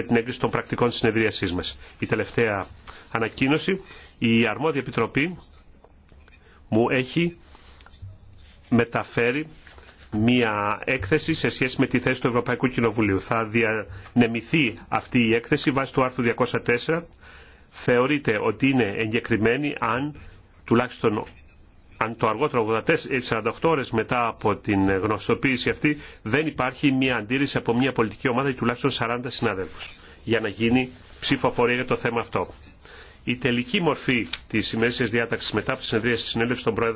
με την έγκριση των πρακτικών συνεδρίασής μας. Η τελευταία ανακοίνωση, η αρμόδια επιτροπή μου έχει μεταφέρει μία έκθεση σε σχέση με τη θέση του Ευρωπαϊκού Κοινοβουλίου. Θα διανεμηθεί αυτή η έκθεση βάσει του άρθρου 204. Θεωρείται ότι είναι εγκεκριμένη αν τουλάχιστον αν το αργότερο 48 ε, ώρες μετά από την ε, γνωστοποίηση αυτή δεν υπάρχει μια αντίρρηση από μια πολιτική ομάδα ή τουλάχιστον 40 συναδέλφους για να γίνει ψηφοφορία για το θέμα αυτό. Η τελική μορφή της ημέρησης διάταξης μετά από τη συνεδρία της συνέλευσης των Πρόεδρων